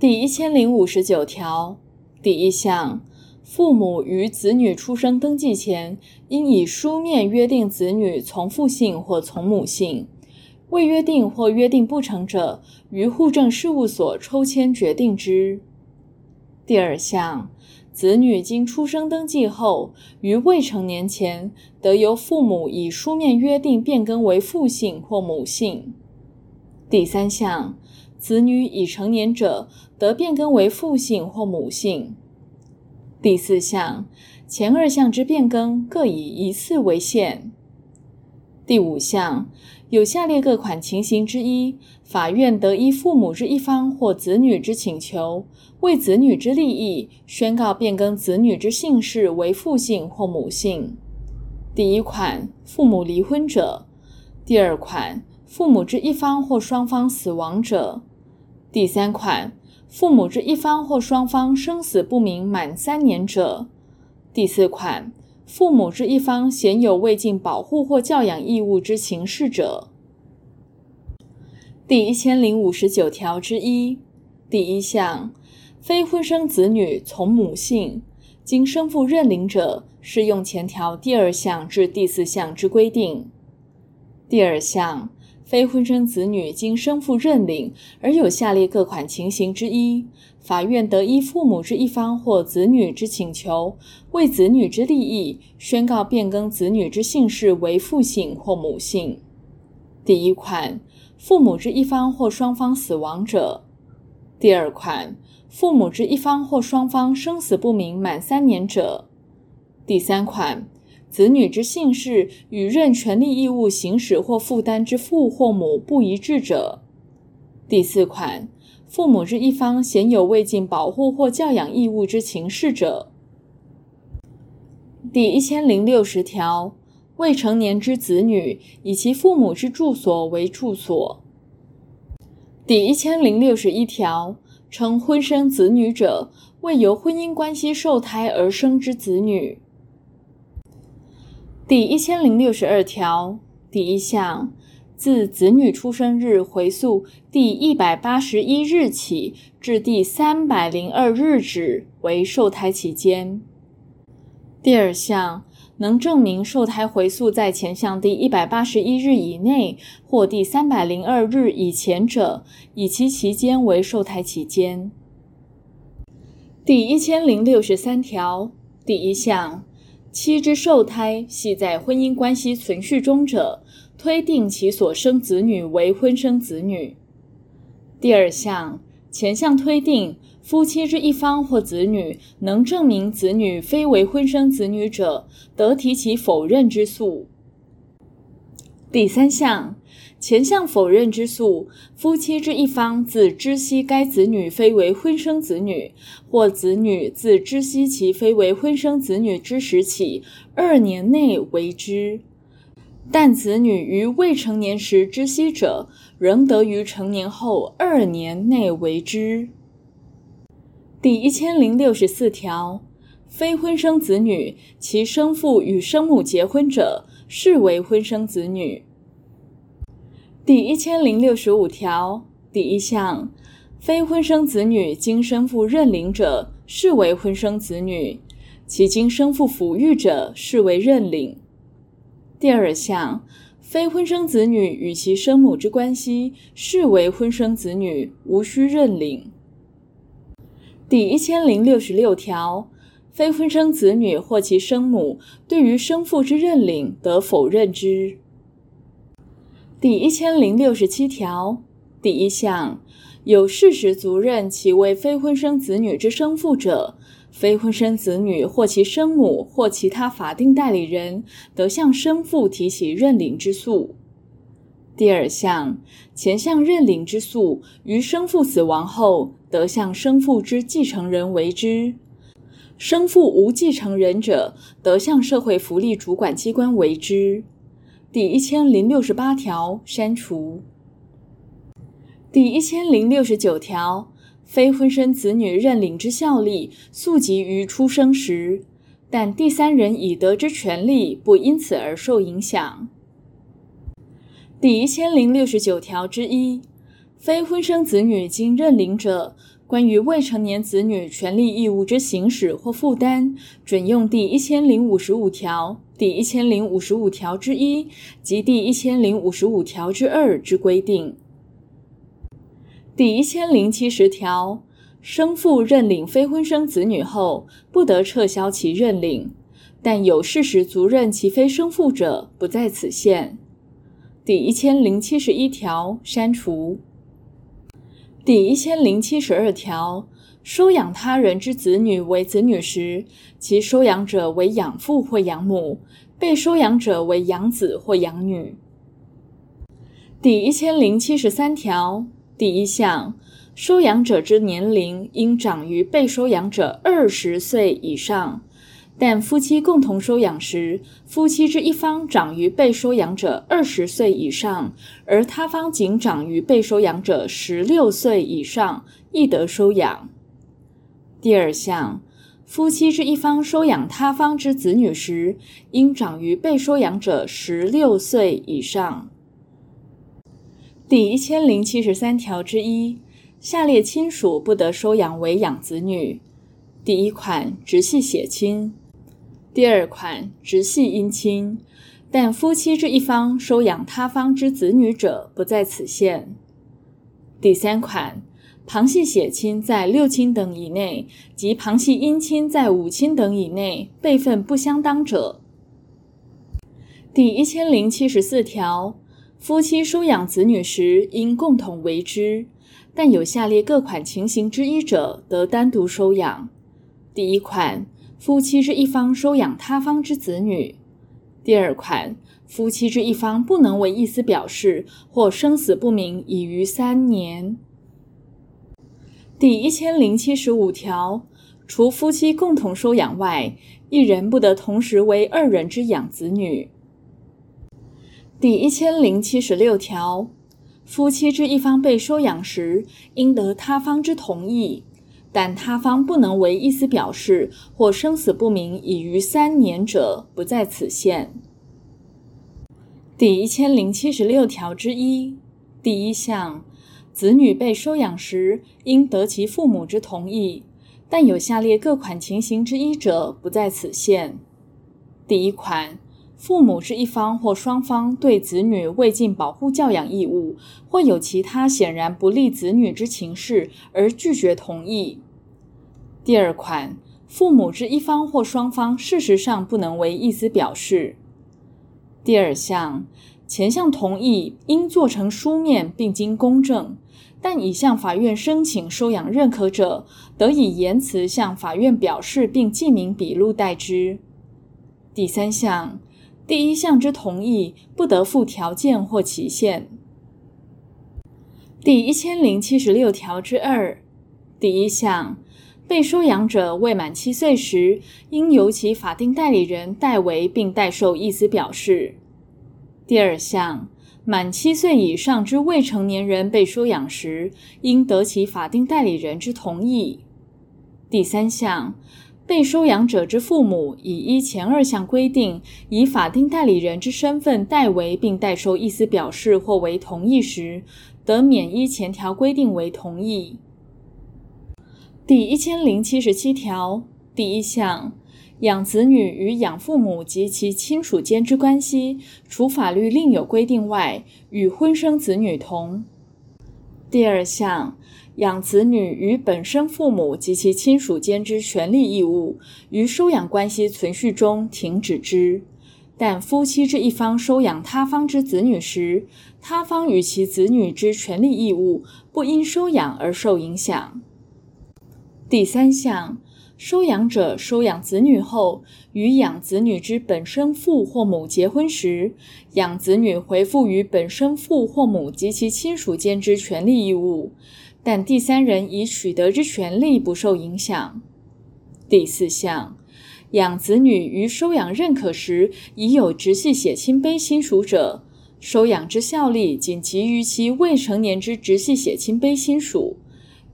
第一千零五十九條，第一項，父母於子女出生登記前，應以書面約定子女從父姓或從母姓；未約定或約定不成者，於戶政事務所抽籤決定之。第二項，子女經出生登記後，於未成年前，得由父母以書面約定變更為父姓或母姓。第三項。子女已成年者，得變更為父姓或母姓。第四項，前二項之變更，各以一次為限。第五項，有下列各款情形之一，法院得依父母之一方或子女之請求，為子女之利益，宣告變更子女之姓氏為父姓或母姓。第一款，父母離婚者；第二款，父母之一方或雙方死亡者。第三款，父母之一方或雙方生死不明滿三年者；第四款，父母之一方顯有未盡保護或教養義務之情事者。第一千零五十九條之一第一項，非婚生子女從母姓經生父認領者，適用前條第二項至第四項之規定。第二項。非婚生子女經生父認領，而有下列各款情形之一，法院得依父母之一方或子女之請求，為子女之利益，宣告變更子女之姓氏為父姓或母姓。第一款，父母之一方或雙方死亡者；第二款，父母之一方或雙方生死不明滿三年者；第三款。子女之姓氏與任權利義務行使或負擔之父或母不一致者，第四款，父母之一方顯有未盡保護或教養義務之情事者。第一千零六十條，未成年之子女以其父母之住所為住所。第一千零六十一條，稱婚生子女者，謂由婚姻關係受胎而生之子女。第一千零六十二條第一項，自子女出生日回溯第一百八十一日起至第三百零二日止為受胎期間。第二項，能證明受胎回溯在前項第一百八十一日以內或第三百零二日以前者，以其期間為受胎期間。第一千零六十三條第一項。妻之受胎係在婚姻關係存續中者，推定其所生子女為婚生子女。第二項，前項推定，夫妻之一方或子女能證明子女非為婚生子女者，得提起否認之訴。第三項。前項否認之訴，夫妻之一方自知悉該子女非為婚生子女，或子女自知悉其非為婚生子女之時起二年內為之；但子女於未成年時知悉者，仍得於成年後二年內為之。第一千零六十四條，非婚生子女，其生父與生母結婚者，視為婚生子女。第一千零六十五條第一項，非婚生子女經生父認領者，視為婚生子女，其經生父撫育者，視為認領。第二項，非婚生子女與其生母之關係，視為婚生子女，無需認領。第一千零六十六條，非婚生子女或其生母對於生父之認領得否認之。第一千零六十七條，第一項，有事實足認其為非婚生子女之生父者，非婚生子女或其生母或其他法定代理人，得向生父提起認領之訴。第二項，前項認領之訴於生父死亡後，得向生父之繼承人為之；生父無繼承人者，得向社會福利主管機關為之。第一千零六十八條刪除。第一千零六十九條，非婚生子女認領之效力，溯及於出生時，但第三人已得之權利不因此而受影響。第一千零六十九條之一，非婚生子女經認領者，關於未成年子女權利義務之行使或負擔，準用第一千零五十五條。第一千零五十五條之一及第一千零五十五條之二之規定。第一千零七十條，生父認領非婚生子女後，不得撤銷其認領，但有事實足認其非生父者，不在此限。第一千零七十一條刪除。第一千零七十二條。收養他人之子女為子女時，其收養者為養父或養母，被收養者為養子或養女。第一千零七十三條第一項，收養者之年齡應長於被收養者二十歲以上，但夫妻共同收養時，夫妻之一方長於被收養者二十歲以上，而他方僅長於被收養者十六歲以上，亦得收養。第二項，夫妻之一方收養他方之子女時，應長於被收養者十六歲以上。第一千零七十三條之一，下列親屬不得收養為養子女：第一款，直系血親；第二款，直系姻親，但夫妻之一方收養他方之子女者不在此限。第三款。旁系血親在六親等以內，及旁系姻親在五親等以內，輩分不相當者。第一千零七十四條，夫妻收養子女時，應共同為之，但有下列各款情形之一者，得單獨收養。第一款，夫妻之一方收養他方之子女。第二款，夫妻之一方不能為意思表示或生死不明已逾三年。第一千零七十五條，除夫妻共同收養外，一人不得同時為二人之養子女。第一千零七十六條，夫妻之一方被收養時，應得他方之同意，但他方不能為意思表示或生死不明已逾三年者，不在此限。第一千零七十六條之一第一項。子女被收養時，應得其父母之同意，但有下列各款情形之一者，不在此限。第一款，父母之一方或雙方對子女未盡保護教養義務，或有其他顯然不利子女之情事而拒絕同意。第二款，父母之一方或雙方事實上不能為意思表示。第二項。前項同意應做成書面並經公證，但已向法院申請收養認可者，得以言辭向法院表示並記名筆錄代之。第三項，第一項之同意不得附條件或期限。第一千零七十六條之二，第一項，被收養者未滿七歲時，應由其法定代理人代為並代受意思表示。第二項，滿七歲以上之未成年人被收養時，應得其法定代理人之同意。第三項，被收養者之父母已依前二項規定，以法定代理人之身份代為並代受意思表示或為同意時，得免依前條規定為同意。第一千零七十七條第一項。養子女與養父母及其親屬間之關係，除法律另有規定外，與婚生子女同。第二項，養子女與本生父母及其親屬間之權利義務，於收養關係存續中停止之。但夫妻之一方收養他方之子女時，他方與其子女之權利義務，不因收養而受影響。第三項。收養者收養子女後，與養子女之本生父或母結婚時，養子女回復與本生父或母及其親屬間之權利義務，但第三人已取得之權利不受影響。第四項，養子女於收養認可時已有直系血親卑親屬者，收養之效力僅及於其未成年之直系血親卑親屬。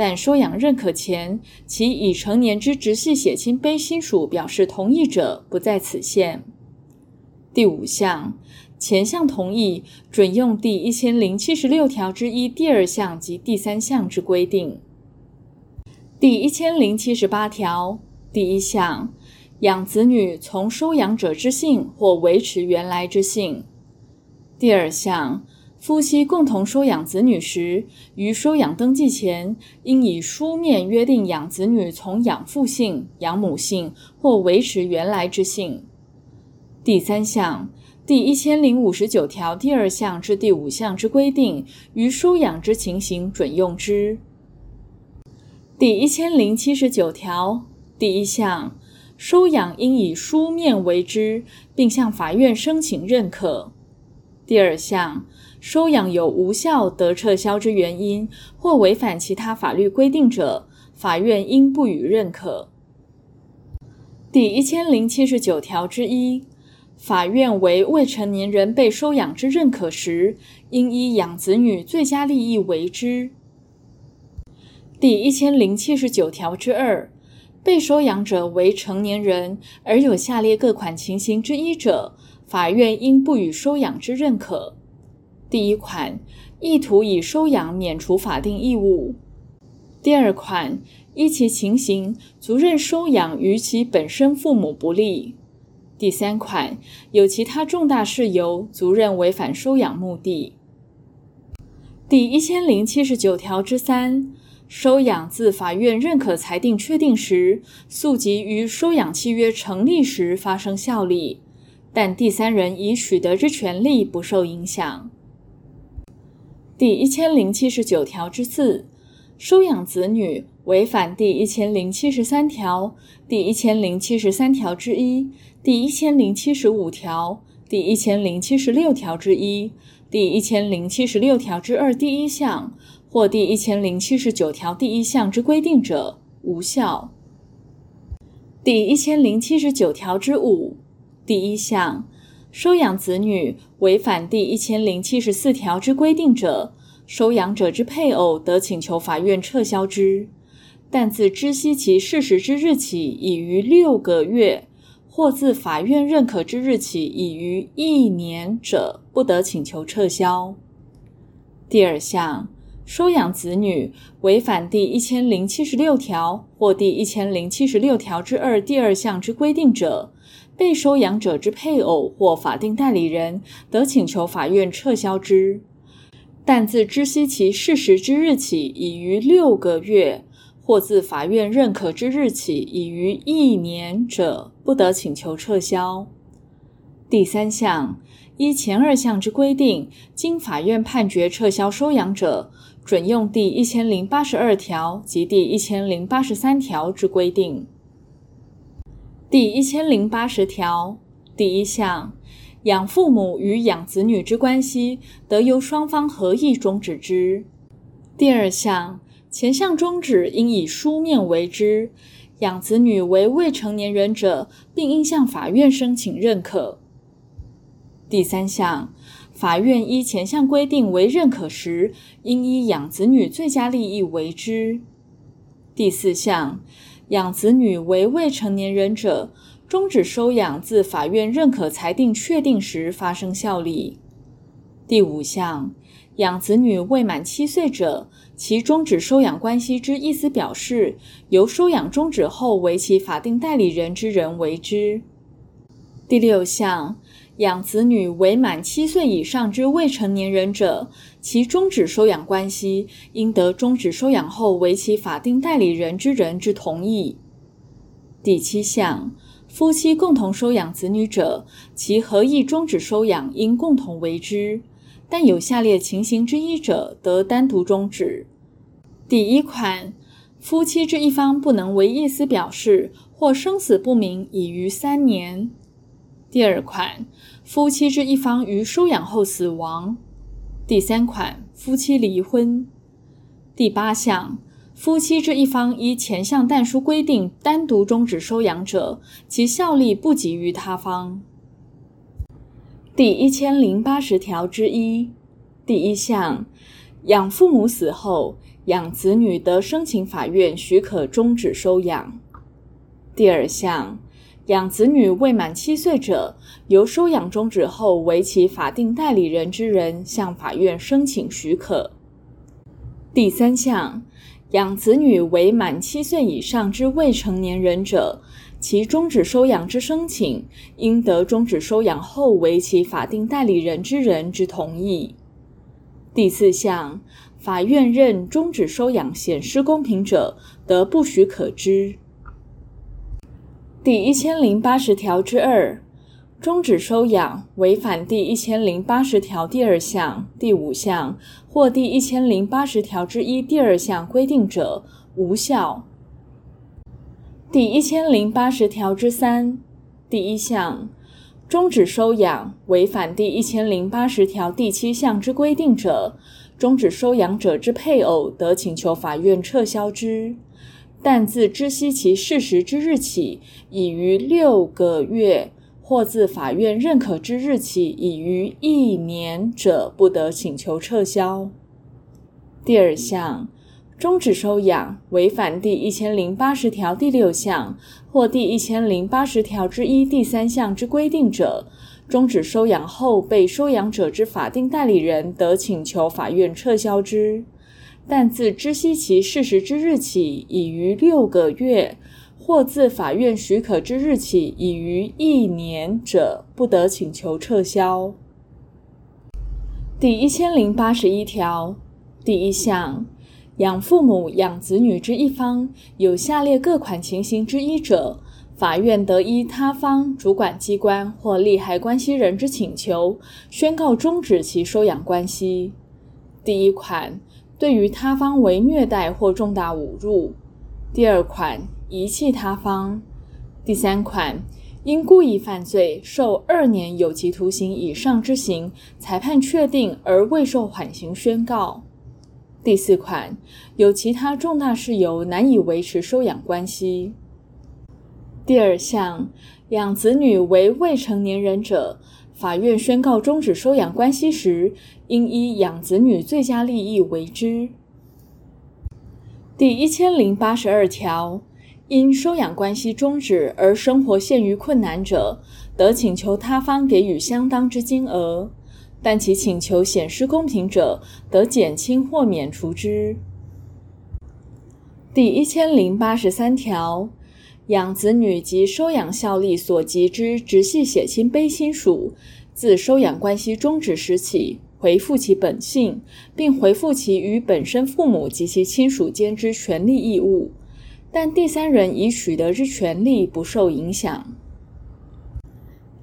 但收養認可前，其已成年之直系血親卑親屬表示同意者，不在此限。第五項，前項同意準用第一千零七十六條之一第二項及第三項之規定。第一千零七十八條第一項，養子女從收養者之姓或維持原來之姓。第二項。夫妻共同收養子女時，於收養登記前，應以書面約定養子女從養父姓、養母姓或維持原來之姓。第三項，第一千零五十九條第二項至第五項之規定，於收養之情形準用之。第一千零七十九條第一項，收養應以書面為之，並向法院申請認可。第二項。收養有無效得撤銷之原因，或違反其他法律規定者，法院應不予認可。第一千零七十九條之一，法院為未成年人被收養之認可時，應依養子女最佳利益為之。第一千零七十九條之二，被收養者為成年人而有下列各款情形之一者，法院應不予收養之認可。第一款，意圖以收養免除法定義務；第二款，依其情形，足認收養與其本身父母不利；第三款，有其他重大事由，足認違反收養目的。第一千零七十九條之三，收養自法院認可裁定確定時，溯及於收養契約成立時發生效力，但第三人已取得之權利不受影響。第一千零七十九條之四，收養子女違反第一千零七十三條、第一千零七十三條之一、第一千零七十五條、第一千零七十六條之一、第一千零七十六條之二第一項或第一千零七十九條第一項之規定者，無效。第一千零七十九條之五第一項。收養子女違反第一千零七十四條之規定者，收養者之配偶得請求法院撤銷之，但自知悉其事實之日起已逾六個月，或自法院認可之日起已逾一年者，不得請求撤銷。第二項。收養子女違反第一千零七十六條或第一千零七十六條之二第二項之規定者，被收養者之配偶或法定代理人得請求法院撤銷之，但自知悉其事實之日起已逾六個月，或自法院認可之日起已逾一年者，不得請求撤銷。第三項，依前二項之規定，經法院判決撤銷收養者。準用第一千零八十二條及第一千零八十三條之規定。第一千零八十條第一項，養父母與養子女之關係得由雙方合意終止之。第二項，前項終止應以書面為之。養子女為未成年人者，並應向法院申請認可。第三項，法院依前項規定為認可時，應依養子女最佳利益為之。第四項，養子女為未成年人者，終止收養自法院認可裁定確定時發生效力。第五項，養子女未滿七歲者，其終止收養關係之意思表示，由收養終止後為其法定代理人之人為之。第六項。養子女為滿七歲以上之未成年人者，其終止收養關係，應得終止收養後為其法定代理人之人之同意。第七項，夫妻共同收養子女者，其合意終止收養應共同為之，但有下列情形之一者，得單獨終止。第一款，夫妻之一方不能為意思表示或生死不明已逾三年。第二款，夫妻之一方於收養後死亡；第三款，夫妻離婚；第八項，夫妻之一方依前項但書規定單獨終止收養者，其效力不及於他方。第一千零八十條之一，第一項，養父母死後，養子女得申請法院許可終止收養；第二項。養子女未滿七歲者，由收養終止後為其法定代理人之人向法院申請許可。第三項，養子女為滿七歲以上之未成年人者，其終止收養之申請，應得終止收養後為其法定代理人之人之同意。第四項，法院認終止收養顯失公平者，得不許可之。第一千零八十條之二，終止收養違反第一千零八十條第二項、第五項或第一千零八十條之一第二項規定者，無效。第一千零八十條之三第一項，終止收養違反第一千零八十條第七項之規定者，終止收養者之配偶得請求法院撤銷之。但自知悉其事實之日起，已逾六個月，或自法院認可之日起，已逾一年者，不得請求撤銷。第二項，終止收養違反第一千零八十條第六項或第一千零八十條之一第三項之規定者，終止收養後，被收養者之法定代理人得請求法院撤銷之。但自知悉其事實之日起，已於六個月，或自法院許可之日起，已於一年者，不得請求撤銷。第一千零八十一條第一項，養父母養子女之一方有下列各款情形之一者，法院得依他方主管機關或利害關係人之請求，宣告終止其收養關係。第一款。對於他方為虐待或重大侮辱，第二款遺棄他方，第三款因故意犯罪受二年有期徒刑以上之刑裁判確定而未受緩刑宣告，第四款有其他重大事由難以維持收養關係。第二項養子女為未成年人者。法院宣告終止收養關係時，應依養子女最佳利益為之。第一千零八十二條，因收養關係終止而生活陷於困難者，得請求他方給予相當之金額，但其請求顯失公平者，得減輕或免除之。第一千零八十三條。養子女及收養效力所及之直系血親卑親屬，自收養關係終止時起，回復其本姓，並回復其與本身父母及其親屬間之權利義務，但第三人已取得之權利不受影響。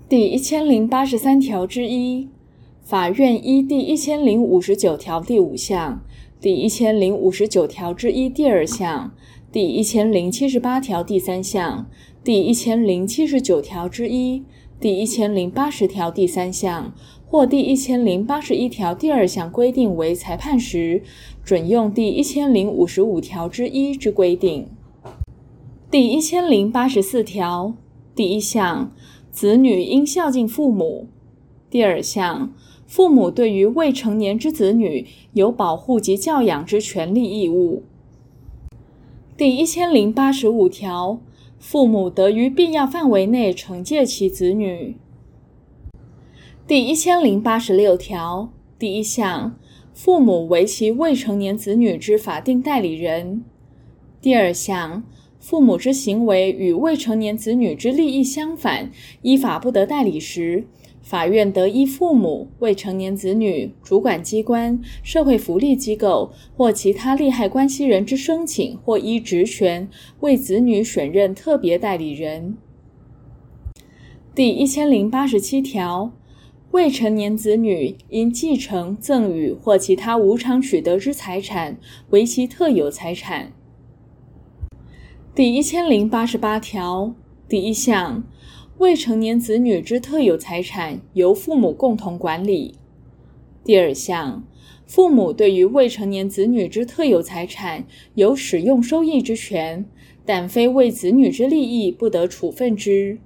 第一千零八十三條之一，法院依第一千零五十九條第五項、第一千零五十九條之一第二項。第一千零七十八條第三項、第一千零七十九條之一、第一千零八十條第三項或第一千零八十一條第二項規定為裁判時，準用第一千零五十五條之一之規定。第一千零八十四條第一項：子女應孝敬父母；第二項：父母對於未成年之子女有保護及教養之權利義務。第一千零八十五條，父母得於必要範圍內懲戒其子女。第一千零八十六條第一項，父母為其未成年子女之法定代理人。第二項，父母之行為與未成年子女之利益相反，依法不得代理時。法院得依父母、未成年子女、主管機關、社會福利機構或其他利害關係人之申請，或依職權為子女選任特別代理人。第一千零八十七條，未成年子女因繼承、贈與或其他無償取得之財產，為其特有財產。第一千零八十八條第一項。未成年子女之特有財產由父母共同管理。第二項，父母對於未成年子女之特有財產有使用收益之權，但非為子女之利益不得處分之。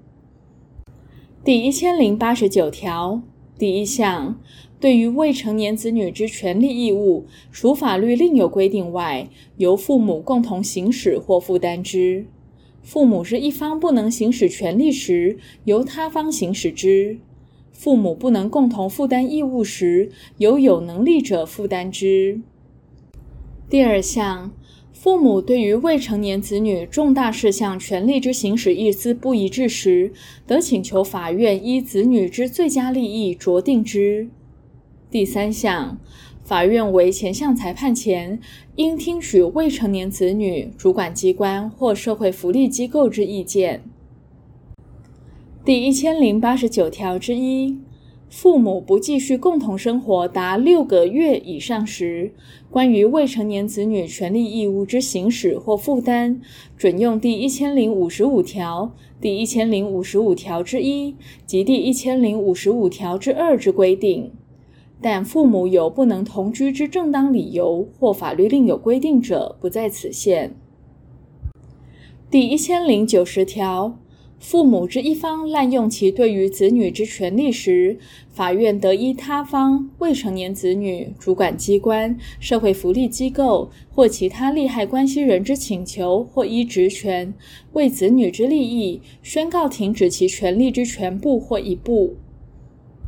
第一千零八十九條第一項，對於未成年子女之權利義務，除法律另有規定外，由父母共同行使或負擔之。父母是一方不能行使權利時，由他方行使之；父母不能共同負擔義務時，由有能力者負擔之。第二項，父母對於未成年子女重大事項權利之行使意思不一致時，得請求法院依子女之最佳利益酌定之。第三項。法院為前項裁判前，應聽取未成年子女主管機關或社會福利機構之意見。第一千零八十九條之一，父母不繼續共同生活達六個月以上時，關於未成年子女權利義務之行使或負擔，準用第一千零五十五條、第一千零五十五條之一及第一千零五十五條之二之規定。但父母有不能同居之正當理由，或法律另有規定者，不在此限。第一千零九十條，父母之一方濫用其對於子女之權利時，法院得依他方未成年子女主管機關、社會福利機構或其他利害關係人之請求，或依職權，為子女之利益，宣告停止其權利之全部或一部。